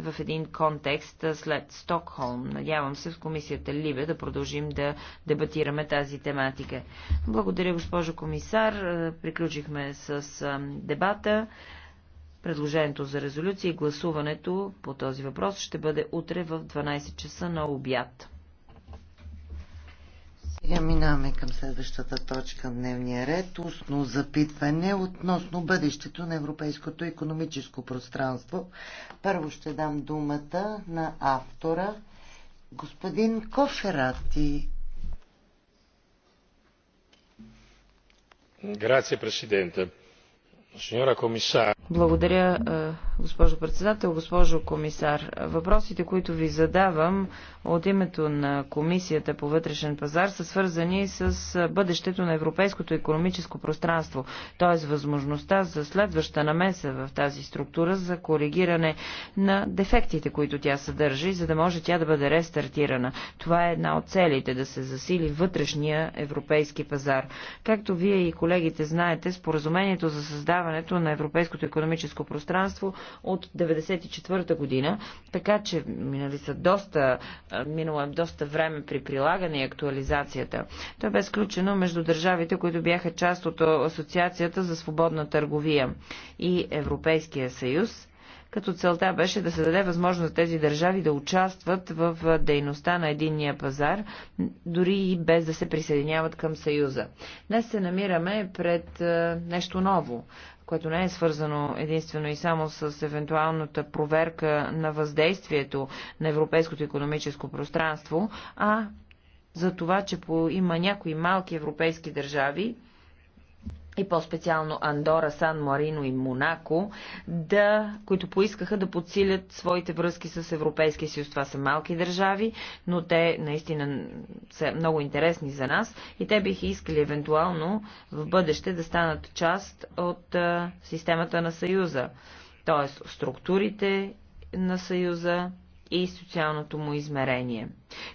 в един контекст след Стокхолм. Надявам се в комисията Либе да продължим да дебатираме тази тематика. Благодаря, госпожо комисар. Приключихме с дебата. Предложението за резолюция и гласуването по този въпрос ще бъде утре в 12 часа на обяд. Сега минаваме към следващата точка в дневния ред. Устно запитване относно бъдещето на Европейското економическо пространство. Първо ще дам думата на автора, господин Коферати. Грация, президента. Благодаря, е, госпожо председател, госпожо комисар. Въпросите, които ви задавам от името на Комисията по вътрешен пазар са свързани с е, бъдещето на европейското економическо пространство, т.е. възможността за следваща намеса в тази структура за коригиране на дефектите, които тя съдържа и за да може тя да бъде рестартирана. Това е една от целите да се засили вътрешния европейски пазар. Както вие и колегите знаете, споразумението за създаване създаването на Европейското економическо пространство от 1994 година, така че минали са доста, минало е доста време при прилагане и актуализацията. То бе сключено между държавите, които бяха част от Асоциацията за свободна търговия и Европейския съюз като целта беше да се даде възможност тези държави да участват в дейността на единния пазар, дори и без да се присъединяват към Съюза. Днес се намираме пред нещо ново което не е свързано единствено и само с евентуалната проверка на въздействието на европейското економическо пространство, а за това, че по, има някои малки европейски държави, и по-специално Андора, Сан Марино и Монако, да, които поискаха да подсилят своите връзки с Европейския съюз. Това са малки държави, но те наистина са много интересни за нас и те биха искали евентуално в бъдеще да станат част от а, системата на Съюза, т.е. структурите на Съюза, и социалното му измерение.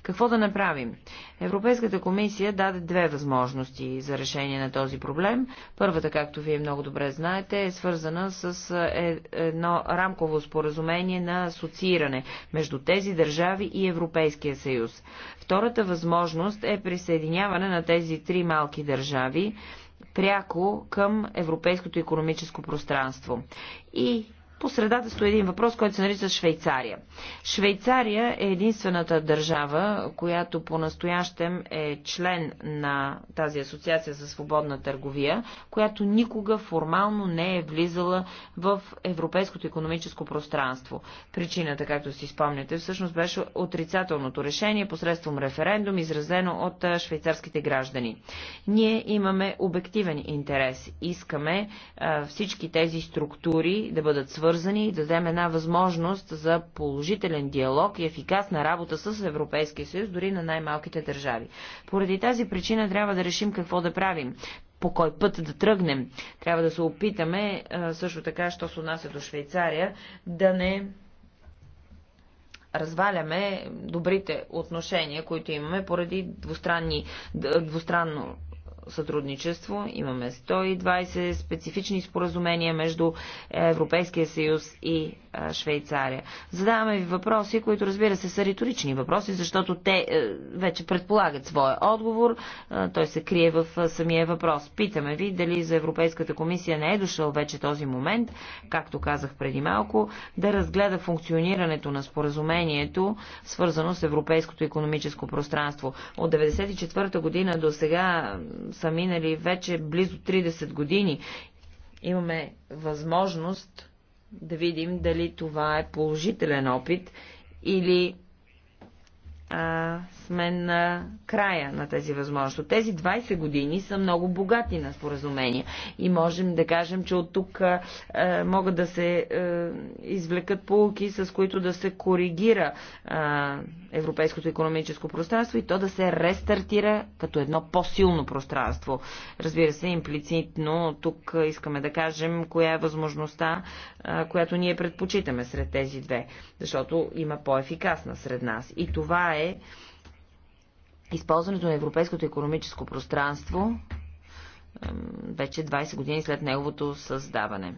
Какво да направим? Европейската комисия даде две възможности за решение на този проблем. Първата, както вие много добре знаете, е свързана с е, едно рамково споразумение на асоцииране между тези държави и Европейския съюз. Втората възможност е присъединяване на тези три малки държави пряко към европейското економическо пространство. И по средата стои един въпрос, който се нарича Швейцария. Швейцария е единствената държава, която по-настоящем е член на тази асоциация за свободна търговия, която никога формално не е влизала в европейското економическо пространство. Причината, както си спомняте, всъщност беше отрицателното решение посредством референдум, изразено от швейцарските граждани. Ние имаме обективен интерес. Искаме а, всички тези структури да бъдат свързани свързани и дадем една възможност за положителен диалог и ефикасна работа с Европейския съюз, дори на най-малките държави. Поради тази причина трябва да решим какво да правим по кой път да тръгнем. Трябва да се опитаме, също така, що се отнася до Швейцария, да не разваляме добрите отношения, които имаме поради двустранни, двустранно сътрудничество. Имаме 120 специфични споразумения между Европейския съюз и Швейцария. Задаваме ви въпроси, които разбира се са риторични въпроси, защото те е, вече предполагат своя отговор. Той се крие в самия въпрос. Питаме ви дали за Европейската комисия не е дошъл вече този момент, както казах преди малко, да разгледа функционирането на споразумението, свързано с Европейското економическо пространство. От 1994 година до сега са минали вече близо 30 години. Имаме възможност да видим дали това е положителен опит или а, сме на края на тази възможност. Тези 20 години са много богати на споразумения и можем да кажем, че от тук а, могат да се а, извлекат полки, с които да се коригира а, европейското економическо пространство и то да се рестартира като едно по-силно пространство. Разбира се, имплицитно тук искаме да кажем коя е възможността, а, която ние предпочитаме сред тези две, защото има по-ефикасна сред нас. И това е използването на европейското економическо пространство вече 20 години след неговото създаване.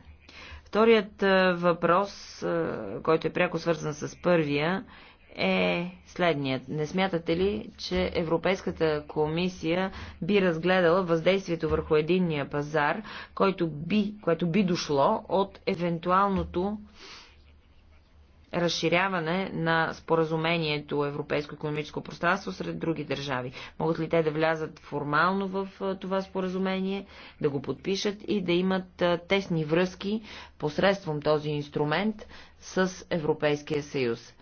Вторият е, въпрос, е, който е пряко свързан с първия, е следният. Не смятате ли, че Европейската комисия би разгледала въздействието върху единния пазар, който би, което би дошло от евентуалното разширяване на споразумението Европейско економическо пространство сред други държави. Могат ли те да влязат формално в това споразумение, да го подпишат и да имат тесни връзки посредством този инструмент с Европейския съюз?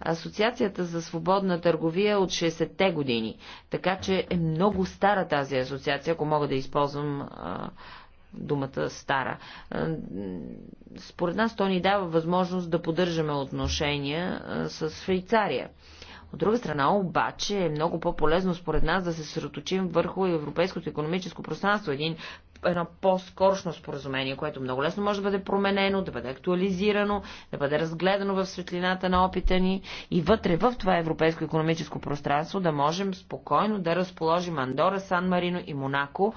Асоциацията за свободна търговия е от 60-те години. Така че е много стара тази асоциация, ако мога да използвам а, думата стара. Е, според нас то ни дава възможност да поддържаме отношения е, с Швейцария. От друга страна, обаче, е много по-полезно според нас да се съсредоточим върху европейското економическо пространство, един едно по-скорошно споразумение, което много лесно може да бъде променено, да бъде актуализирано, да бъде разгледано в светлината на опита ни и вътре в това европейско економическо пространство да можем спокойно да разположим Андора, Сан Марино и Монако,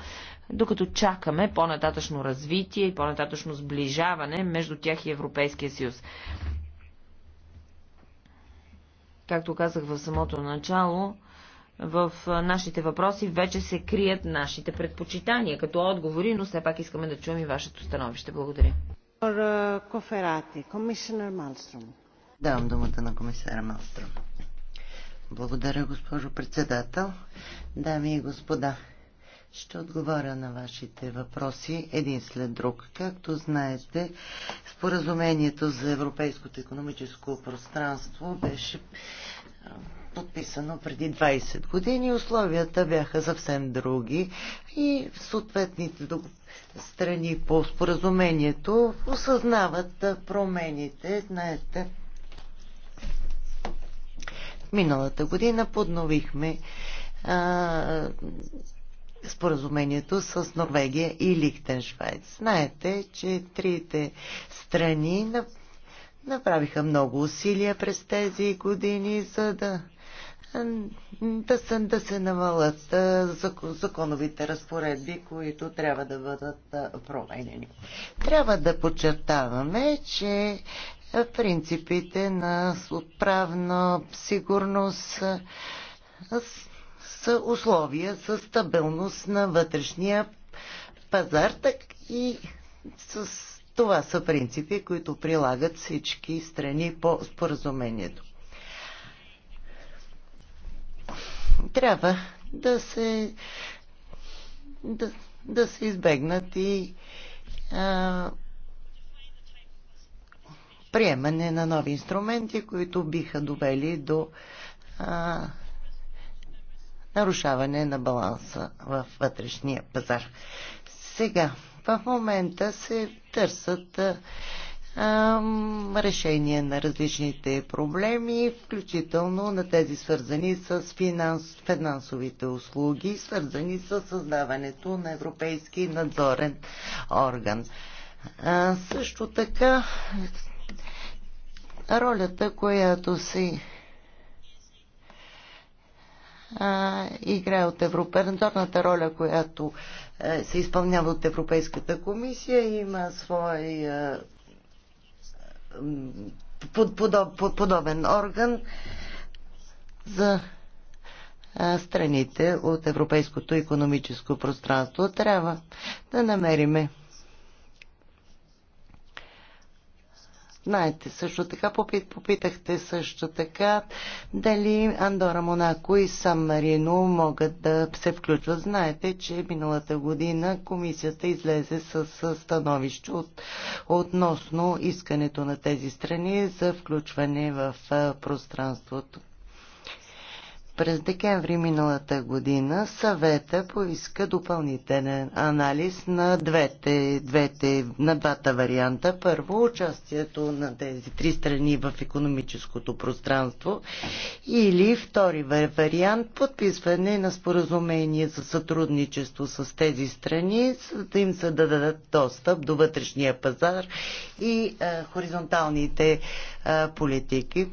докато чакаме по-нататъчно развитие и по-нататъчно сближаване между тях и Европейския съюз. Както казах в самото начало, в нашите въпроси вече се крият нашите предпочитания като отговори, но все пак искаме да чуем и вашето становище. Благодаря. Давам думата на комисара Малстром. Благодаря, госпожо председател. Дами и господа, ще отговоря на вашите въпроси един след друг. Както знаете, споразумението за Европейското економическо пространство беше подписано преди 20 години. Условията бяха съвсем други и съответните страни по споразумението осъзнават промените. Знаете, миналата година подновихме а, споразумението с Норвегия и Лихтеншвайц. Знаете, че трите страни направиха много усилия през тези години, за да да се, да се намалят законовите разпоредби, които трябва да бъдат променени. Трябва да подчертаваме, че принципите на правна сигурност са условия за стабилност на вътрешния пазар, так и с това са принципи, които прилагат всички страни по споразумението. трябва да се да, да се избегнат и а, приемане на нови инструменти, които биха довели до а, нарушаване на баланса в вътрешния пазар. Сега, в момента се търсят а, решение на различните проблеми, включително на тези свързани с финанс, финансовите услуги, свързани с създаването на Европейски надзорен орган. А, също така, ролята, която си а, играе от европейната роля, която е, се изпълнява от Европейската комисия, има своя е, подобен орган за страните от Европейското економическо пространство. Трябва да намериме Знаете, също така попит, попитахте също така дали Андора Монако и Сан Марино могат да се включват. Знаете, че миналата година комисията излезе с становище от, относно искането на тези страни за включване в пространството. През декември миналата година съвета поиска допълнителен анализ на, двете, двете, на двата варианта. Първо, участието на тези три страни в економическото пространство или втори вариант, подписване на споразумение за сътрудничество с тези страни, за да им се дадат достъп до вътрешния пазар и а, хоризонталните а, политики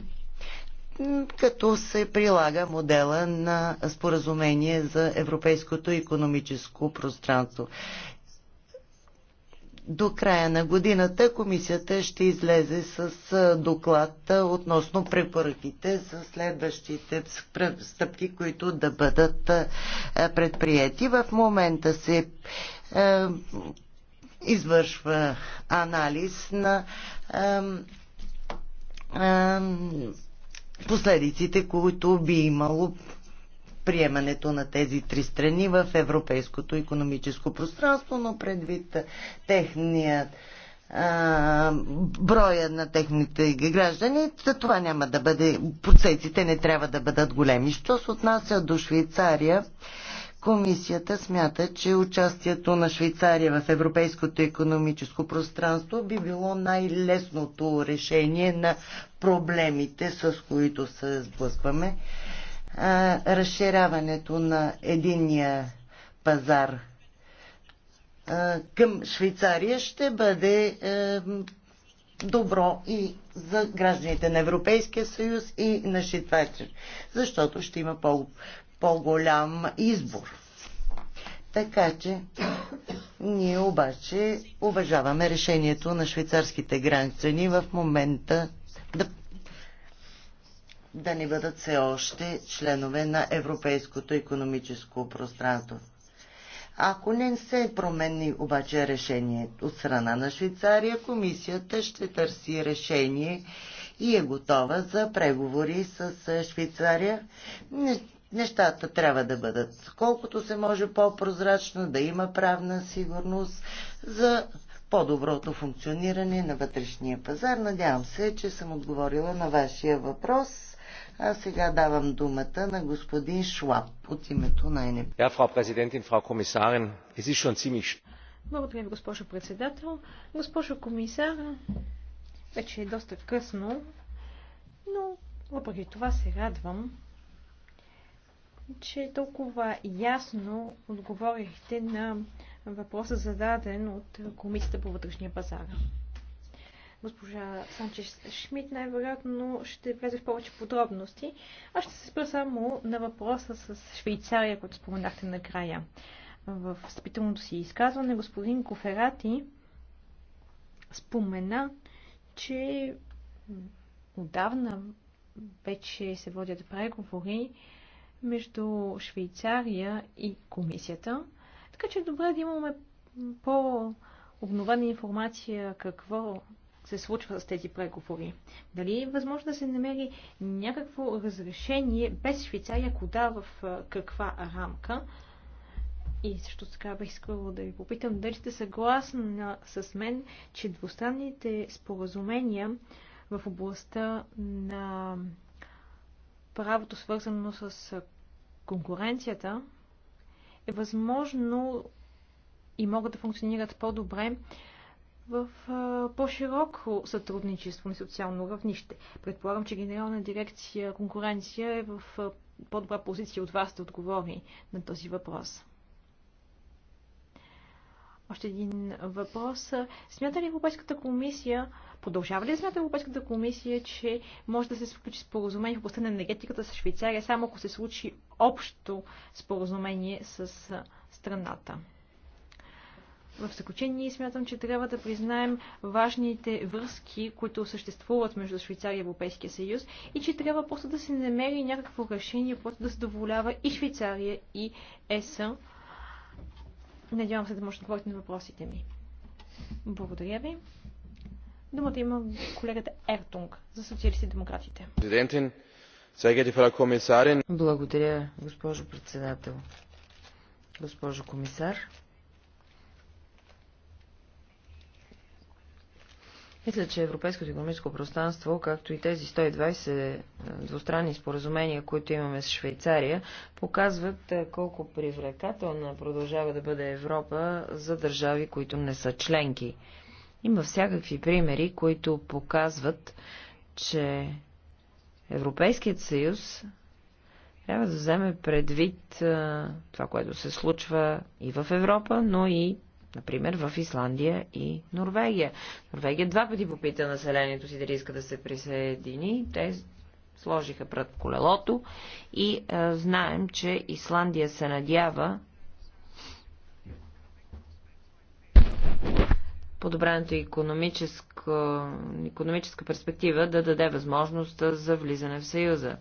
като се прилага модела на споразумение за Европейското економическо пространство. До края на годината комисията ще излезе с доклад относно препоръките за следващите стъпки, които да бъдат предприяти. В момента се извършва анализ на последиците, които би имало приемането на тези три страни в европейското економическо пространство, но предвид техния а, броя на техните граждани, за това няма да бъде, процесите не трябва да бъдат големи. Що се отнася до Швейцария, Комисията смята, че участието на Швейцария в Европейското економическо пространство би било най-лесното решение на проблемите, с които се сблъскваме. Разширяването на единния пазар към Швейцария ще бъде добро и за гражданите на Европейския съюз и на Швейцария, защото ще има по по-голям избор. Така че ние обаче уважаваме решението на швейцарските граждани в момента да, да не бъдат все още членове на Европейското економическо пространство. Ако не се промени обаче решение от страна на Швейцария, комисията ще търси решение и е готова за преговори с Швейцария. Нещата трябва да бъдат колкото се може по-прозрачно, да има правна сигурност за по-доброто функциониране на вътрешния пазар. Надявам се, че съм отговорила на вашия въпрос. А сега давам думата на господин Шлап от името на НП. Да, Frau Präsidentin, фрау комисарен, es ist schon Благодаря ви, госпожо председател. Госпожо комисар, вече е доста късно, но въпреки това се радвам, че толкова ясно отговорихте на въпроса зададен от Комисията по вътрешния пазар. Госпожа Санчес Шмидт най-вероятно ще влезе в повече подробности. Аз ще се спра само на въпроса с Швейцария, който споменахте накрая. В встъпителното си изказване господин Коферати спомена, че отдавна вече се водят преговори между Швейцария и комисията. Така че е добре да имаме по-обновена информация какво се случва с тези преговори. Дали е възможно да се намери някакво разрешение без Швейцария, кода в каква рамка? И също така бих искала да ви попитам дали сте съгласна с мен, че двустранните споразумения в областта на правото свързано с конкуренцията, е възможно и могат да функционират по-добре в по-широко сътрудничество на социално равнище. Предполагам, че Генерална дирекция конкуренция е в по-добра позиция от вас да отговори на този въпрос. Още един въпрос. Смята ли Европейската комисия Продължава ли смята Европейската комисия, че може да се сключи споразумение в областта на енергетиката с Швейцария, само ако се случи общо споразумение с страната? В заключение смятам, че трябва да признаем важните връзки, които съществуват между Швейцария и Европейския съюз и че трябва просто да се намери някакво решение, което да задоволява и Швейцария, и ЕС. Надявам се да може да отговорите на въпросите ми. Благодаря ви. Думата има колегата Ертунг за социалисти демократите. Благодаря, госпожо председател. Госпожо комисар. Мисля, че Европейското економическо пространство, както и тези 120 е, двустранни споразумения, които имаме с Швейцария, показват е, колко привлекателна продължава да бъде Европа за държави, които не са членки. Има всякакви примери, които показват, че Европейският съюз трябва да вземе предвид това, което се случва и в Европа, но и, например, в Исландия и Норвегия. Норвегия два пъти попита населението си дали иска да се присъедини. Те сложиха пред колелото и а, знаем, че Исландия се надява подобрената економическа, економическа перспектива да даде възможност за влизане в Съюза.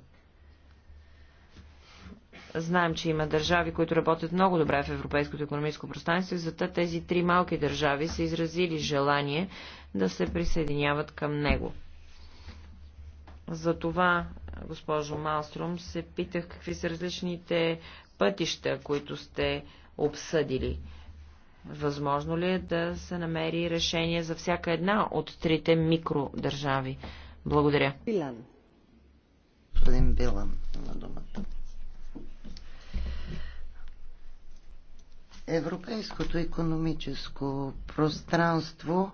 Знаем, че има държави, които работят много добре в европейското економическо пространство и зато тези три малки държави са изразили желание да се присъединяват към него. Затова, госпожо Малстром, се питах какви са различните пътища, които сте обсъдили. Възможно ли е да се намери решение за всяка една от трите микродържави? Благодаря. Билан. Господин Билан на думата. Европейското економическо пространство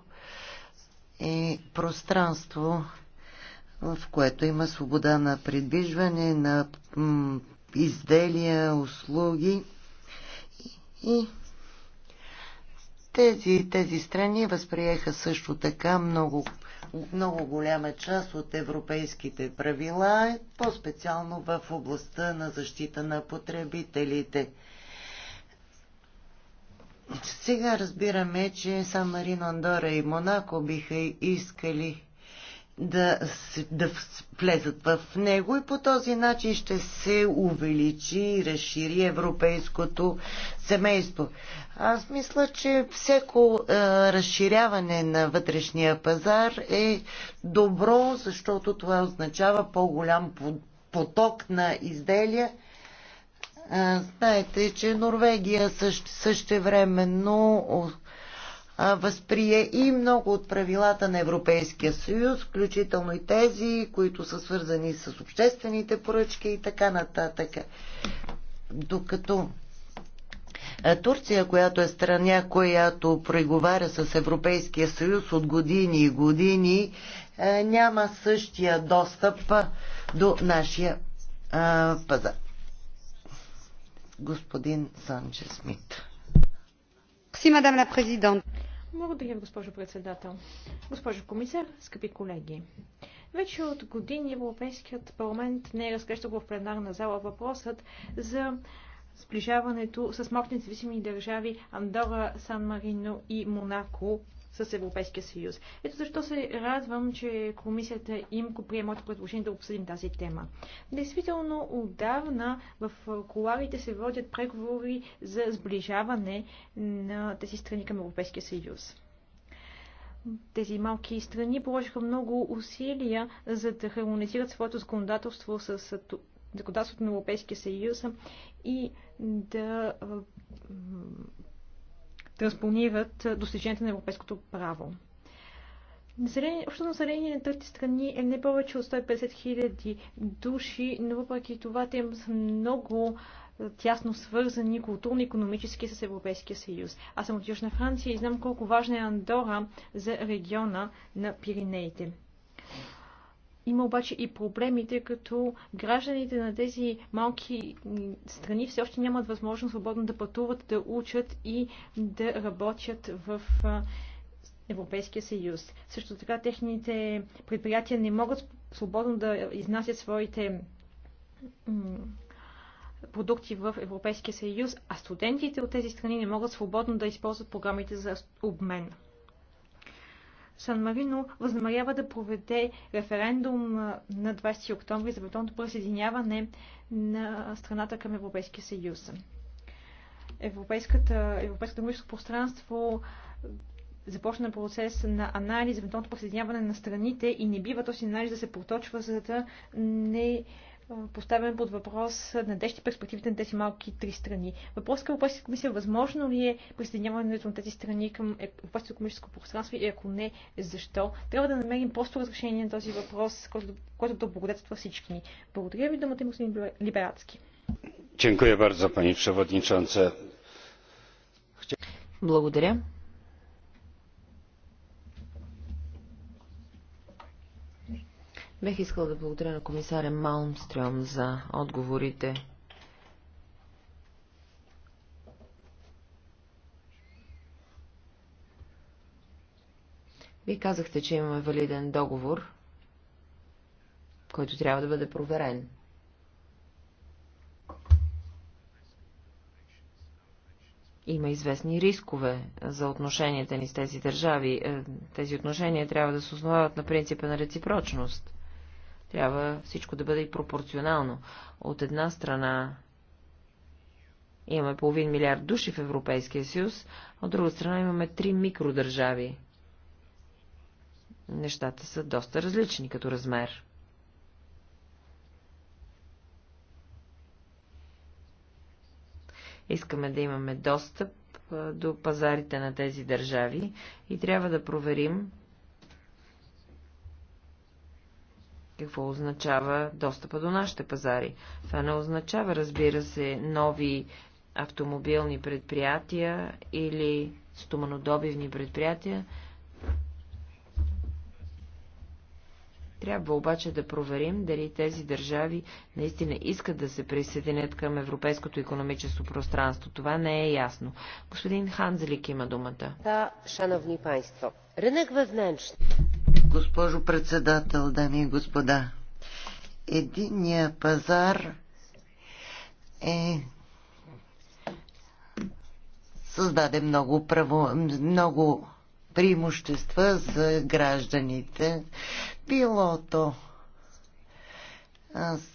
е пространство, в което има свобода на придвижване, на изделия, услуги и тези, тези страни възприеха също така много, много голяма част от европейските правила, по-специално в областта на защита на потребителите. Сега разбираме, че Сан Марино, Андора и Монако биха искали да, да влезат в него и по този начин ще се увеличи и разшири европейското семейство. Аз мисля, че всяко е, разширяване на вътрешния пазар е добро, защото това означава по-голям поток на изделия. Е, знаете, че Норвегия също, Но възприе и много от правилата на Европейския съюз, включително и тези, които са свързани с обществените поръчки и така нататък. Докато Турция, която е страна, която преговаря с Европейския съюз от години и години, няма същия достъп до нашия пазар. Господин Санчес Смит. Си, мадам президент. Благодаря, госпожо председател. Госпожо комисар, скъпи колеги. Вече от години Европейският парламент не е разкрещал в пленарна зала въпросът за сближаването с мощни зависими държави Андора, Сан Марино и Монако с Европейския съюз. Ето защо се радвам, че комисията имко прие моето предложение да обсъдим тази тема. Действително, отдавна в коларите се водят преговори за сближаване на тези страни към Европейския съюз тези малки страни положиха много усилия за да хармонизират своето законодателство с законодателството на Европейския съюз и да транспонират достиженията на европейското право. Население, общо население на трети страни е не повече от 150 хиляди души, но въпреки това те са много тясно свързани културно, економически с Европейския съюз. Аз съм от Южна Франция и знам колко важна е Андора за региона на Пиринеите. Има обаче и проблеми, тъй като гражданите на тези малки страни все още нямат възможност свободно да пътуват, да учат и да работят в Европейския съюз. Също така техните предприятия не могат свободно да изнасят своите продукти в Европейския съюз, а студентите от тези страни не могат свободно да използват програмите за обмен. Сан Марино възнамерява да проведе референдум на 20 октомври за бетонното присъединяване на страната към Европейския съюз. Европейската, Европейското гранично пространство започна процес на анализ, бетонното присъединяване на страните и не бива този анализ да се проточва, за да не поставен под въпрос надежди перспективите на тези малки три страни. Въпрос към Европейската комисия, възможно ли е присъединяването на тези страни към Европейското комисическо пространство и ако не, защо? Трябва да намерим просто разрешение на този въпрос, който, да благодетства всички ни. Благодаря ви, думата му господин Либерацки. Благодаря. Бех искал да благодаря на комисаря Малмстрем за отговорите. Вие казахте, че имаме валиден договор, който трябва да бъде проверен. Има известни рискове за отношенията ни с тези държави. Е, тези отношения трябва да се основават на принципа на реципрочност. Трябва всичко да бъде и пропорционално. От една страна имаме половин милиард души в Европейския съюз, от друга страна имаме три микродържави. Нещата са доста различни като размер. Искаме да имаме достъп до пазарите на тези държави и трябва да проверим Какво означава достъпа до нашите пазари? Това не означава, разбира се, нови автомобилни предприятия или стоманодобивни предприятия. Трябва обаче да проверим дали тези държави наистина искат да се присъединят към европейското економическо пространство. Това не е ясно. Господин Ханзелик има думата. Да, шановни панство. Рънък възненщ. Госпожо председател, дами и господа, Единия пазар е създаде много, право, много преимущества за гражданите. Било то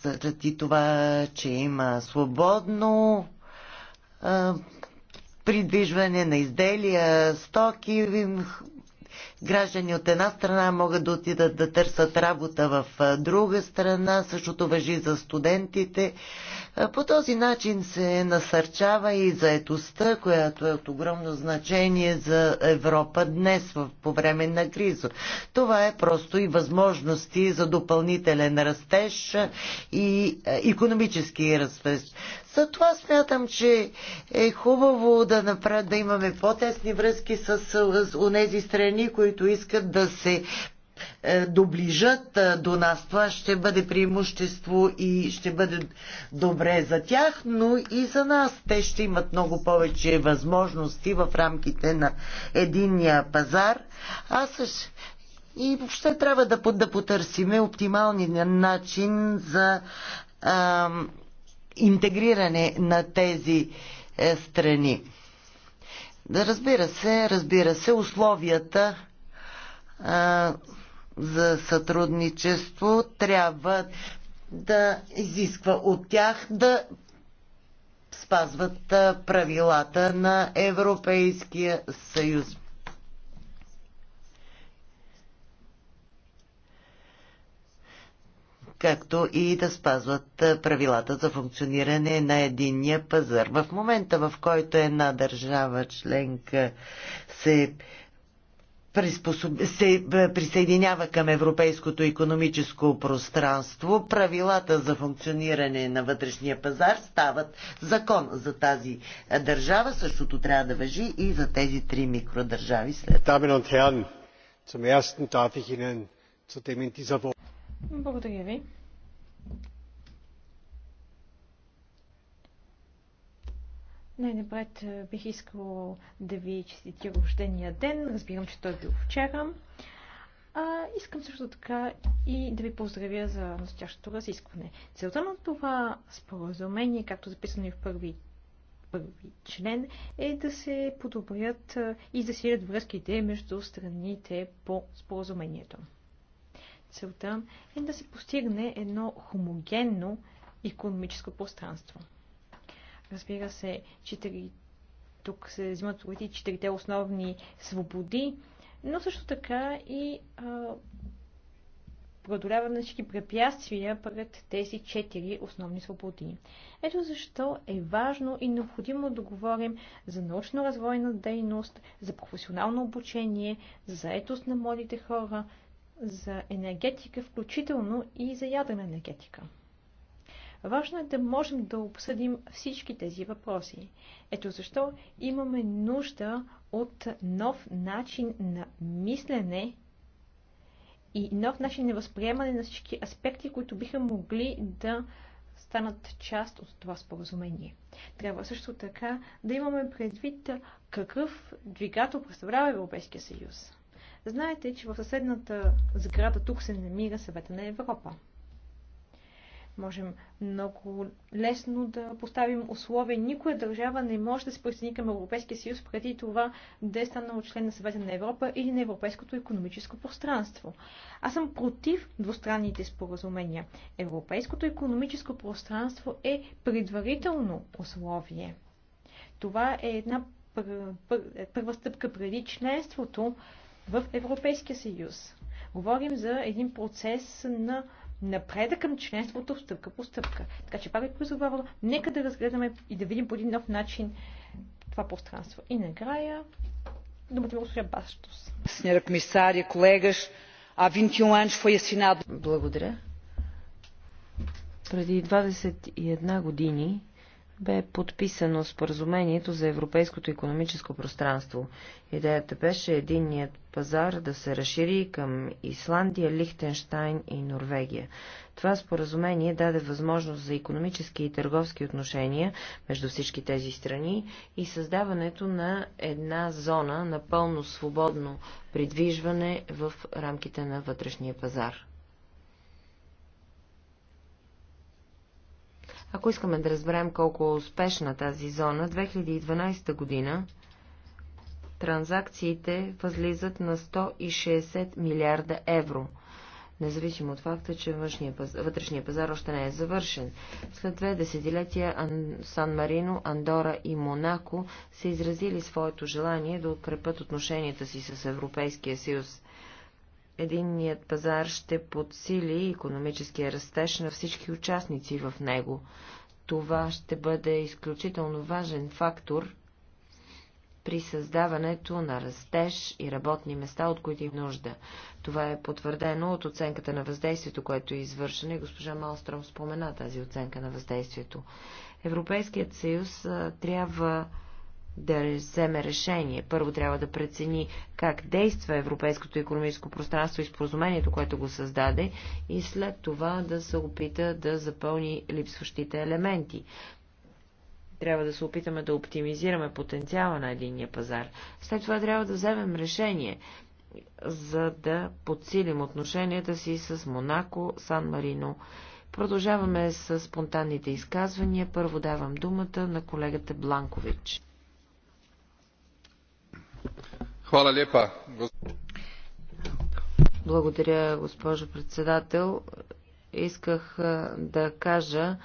заради това, че има свободно придвижване на изделия, стоки, граждани от една страна могат да отидат да търсят работа в друга страна, същото въжи за студентите. По този начин се насърчава и заетостта, която е от огромно значение за Европа днес по време на криза. Това е просто и възможности за допълнителен растеж и економически растеж. За това смятам, че е хубаво да, направ... да имаме по-тесни връзки с, с, с, с тези страни, които които искат да се е, доближат е, до нас. Това ще бъде преимущество и ще бъде добре за тях, но и за нас. Те ще имат много повече възможности в рамките на единния пазар. Аз също и въобще трябва да, да потърсиме оптималния начин за а, интегриране на тези е, страни. Да разбира се, разбира се, условията за сътрудничество трябва да изисква от тях да спазват правилата на Европейския съюз. както и да спазват правилата за функциониране на единния пазар. В момента, в който една държава членка се се е, присъединява към европейското економическо пространство, правилата за функциониране на вътрешния пазар стават закон за тази е, държава. Същото трябва да въжи и за тези три микродържави след. Благодаря ви. Най-напред е, бих искал да ви честитя рождения ден. Разбирам, че той е бил вчера. А, искам също така и да ви поздравя за настоящото разискване. Целта на това споразумение, както записано и в първи, първи член, е да се подобрят е, и засилят връзките между страните по споразумението. Целта е да се постигне едно хомогенно економическо пространство. Разбира се, четири, тук се взимат и четирите основни свободи, но също така и а, преодоляване на всички препятствия пред тези четири основни свободи. Ето защо е важно и необходимо да говорим за научно-развойна дейност, за професионално обучение, за заетост на младите хора, за енергетика, включително и за ядрена енергетика. Важно е да можем да обсъдим всички тези въпроси. Ето защо имаме нужда от нов начин на мислене и нов начин на възприемане на всички аспекти, които биха могли да станат част от това споразумение. Трябва също така да имаме предвид какъв двигател представлява Европейския съюз. Знаете, че в съседната сграда тук се намира съвета на Европа. Можем много лесно да поставим условия. Никоя държава не може да се присъедини към Европейския съюз преди това да е станала член на съвета на Европа или на Европейското економическо пространство. Аз съм против двустранните споразумения. Европейското економическо пространство е предварително условие. Това е една първа стъпка преди членството в Европейския съюз. Говорим за един процес на напреда към членството стъпка по стъпка. Така че пак е призовавам, нека да разгледаме и да видим по един нов начин това пространство. И накрая, думата ми господин Бастос. Сеньора комисария, колегаш, а 21 anos foi assinado. Благодаря. Преди 21 години бе подписано споразумението за Европейското економическо пространство. Идеята беше единният пазар да се разшири към Исландия, Лихтенштайн и Норвегия. Това споразумение даде възможност за економически и търговски отношения между всички тези страни и създаването на една зона на пълно свободно придвижване в рамките на вътрешния пазар. Ако искаме да разберем колко е успешна тази зона, 2012 година транзакциите възлизат на 160 милиарда евро независимо от факта, че вътрешния пазар още не е завършен. След две десетилетия Сан Марино, Андора и Монако са изразили своето желание да укрепят отношенията си с Европейския съюз. Единният пазар ще подсили економическия растеж на всички участници в него. Това ще бъде изключително важен фактор при създаването на растеж и работни места, от които им нужда. Това е потвърдено от оценката на въздействието, което е извършено и госпожа Малстром спомена тази оценка на въздействието. Европейският съюз трябва да вземе решение. Първо трябва да прецени как действа Европейското економическо пространство и споразумението, което го създаде, и след това да се опита да запълни липсващите елементи. Трябва да се опитаме да оптимизираме потенциала на единния пазар. След това трябва да вземем решение, за да подсилим отношенията си с Монако, Сан Марино. Продължаваме с спонтанните изказвания. Първо давам думата на колегата Бланкович. Благодаря, госпожо председател. Исках да кажа,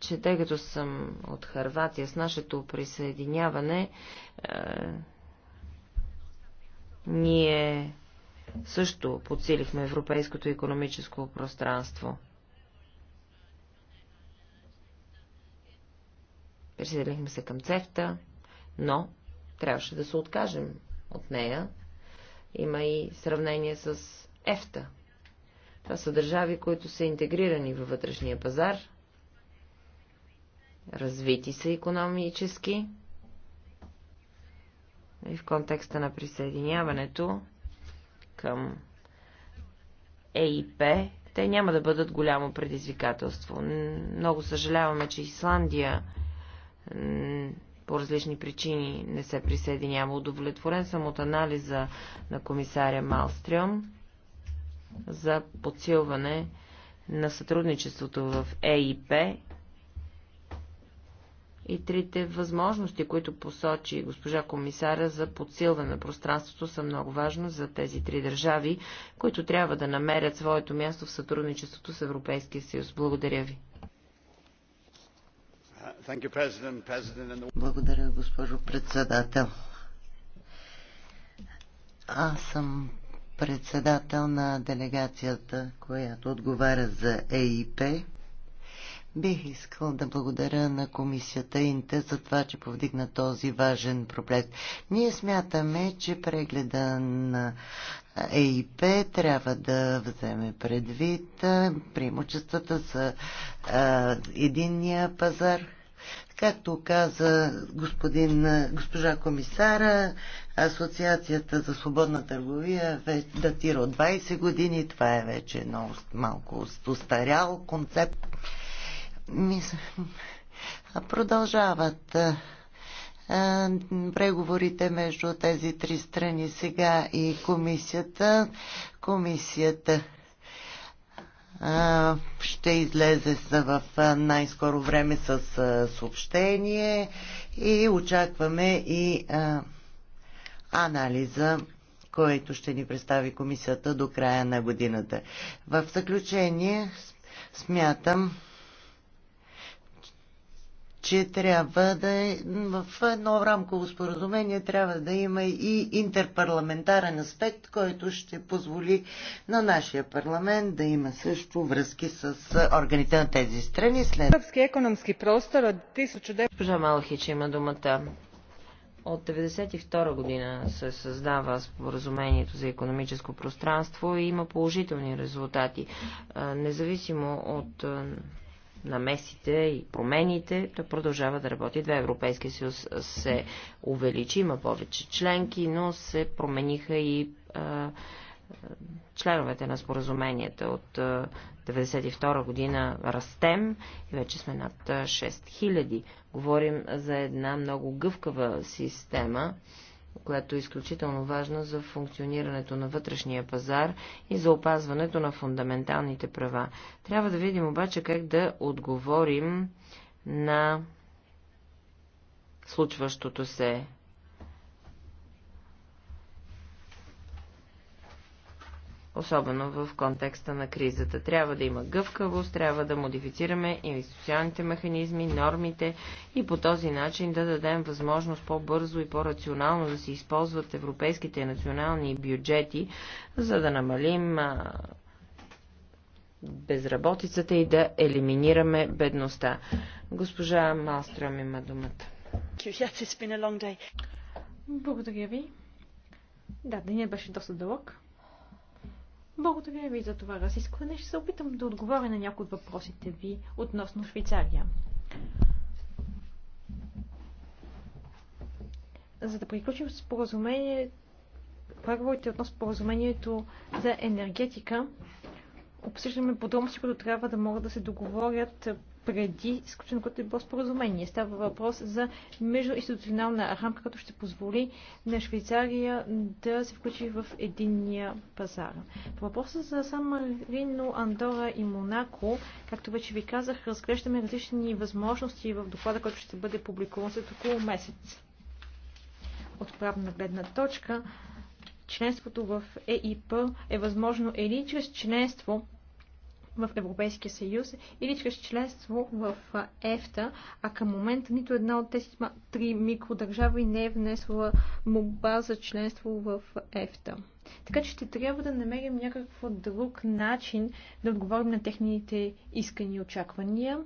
че тъй като съм от Харватия, с нашето присъединяване, е, ние също подсилихме европейското економическо пространство. Присъединихме се към ЦЕФТА, но трябваше да се откажем от нея. Има и сравнение с ЕФТА. Това са държави, които са интегрирани във вътрешния пазар, развити са економически и в контекста на присъединяването към ЕИП, те няма да бъдат голямо предизвикателство. Много съжаляваме, че Исландия по различни причини не се присъединява. Удовлетворен съм от анализа на комисаря Малстрюм за подсилване на сътрудничеството в ЕИП и трите възможности, които посочи госпожа комисаря за подсилване на пространството са много важно за тези три държави, които трябва да намерят своето място в сътрудничеството с Европейския съюз. Благодаря ви. Благодаря, госпожо председател. Аз съм председател на делегацията, която отговаря за ЕИП. Бих искал да благодаря на комисията Инте за това, че повдигна този важен проблем. Ние смятаме, че прегледа на ЕИП трябва да вземе предвид преимуществата за единния пазар. Както каза господин, госпожа комисара, Асоциацията за свободна търговия датира от 20 години. Това е вече едно малко устарял концепт продължават преговорите между тези три страни сега и комисията. Комисията ще излезе в най-скоро време с съобщение и очакваме и анализа, който ще ни представи комисията до края на годината. В заключение смятам, че трябва да е в едно рамково споразумение трябва да има и интерпарламентарен аспект, който ще позволи на нашия парламент да има също връзки с органите на тези страни. След... Сръбски економски простор от 1900... Пожа Малхич има думата. От 1992 година се създава споразумението за економическо пространство и има положителни резултати. Независимо от намесите и промените, да продължава да работи. Две Европейския съюз се увеличи, има повече членки, но се промениха и а, членовете на споразуменията от 1992 година растем и вече сме над 6000. Говорим за една много гъвкава система, която е изключително важна за функционирането на вътрешния пазар и за опазването на фундаменталните права. Трябва да видим обаче как да отговорим на случващото се особено в контекста на кризата. Трябва да има гъвкавост, трябва да модифицираме инвестиционните механизми, нормите и по този начин да дадем възможност по-бързо и по-рационално да се използват европейските национални бюджети, за да намалим безработицата и да елиминираме бедността. Госпожа Малстрам има думата. Благодаря ви. Да, денят беше доста дълъг. Благодаря ви за това разискване. Ще се опитам да отговоря на някои от въпросите ви относно Швейцария. За да приключим споразумение, преговорите относно споразумението за енергетика, обсъждаме подробности, които трябва да могат да се договорят преди сключването като е било споразумение. Става въпрос за междуинституционална рамка, като ще позволи на Швейцария да се включи в единния пазар. По въпроса за Сан Марино, Андора и Монако, както вече ви казах, разглеждаме различни възможности в доклада, който ще бъде публикуван след около месец. От правна гледна точка, членството в ЕИП е възможно или чрез членство в Европейския съюз или чрез членство в ЕФТА, а към момента нито една от тези три микродържави не е внесла моба за членство в ЕФТА. Така че ще трябва да намерим някакъв друг начин да отговорим на техните искани и очаквания.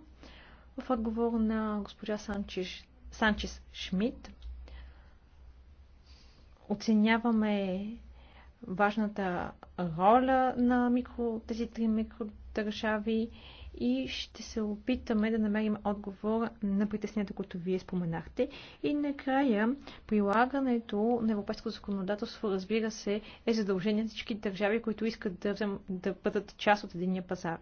В отговор на госпожа Санчеш, Санчес Шмидт оценяваме важната роля на микро, тези три микродържави и ще се опитаме да намерим отговор на притеснението, което вие споменахте. И накрая, прилагането на европейско законодателство, разбира се, е задължение на всички държави, които искат да, взем, да бъдат част от единия пазар.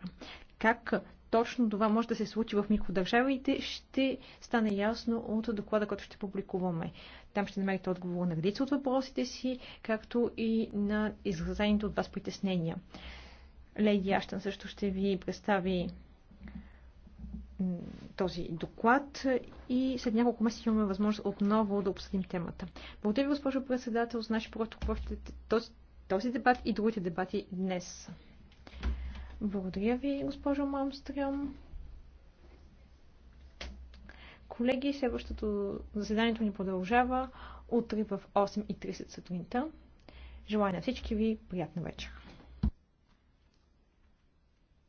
Как точно това може да се случи в микродържавите, ще стане ясно от доклада, който ще публикуваме. Там ще намерите отговор на редица от въпросите си, както и на изразените от вас притеснения. Леди Аштан също ще ви представи този доклад и след няколко месеца имаме възможност отново да обсъдим темата. Благодаря ви, госпожо председател, за нашия протокол, този, този дебат и другите дебати днес. Благодаря ви, госпожо Мамстрем. Колеги, следващото заседанието ни продължава утре в 8.30 сутринта. Желая на всички ви приятна вечер!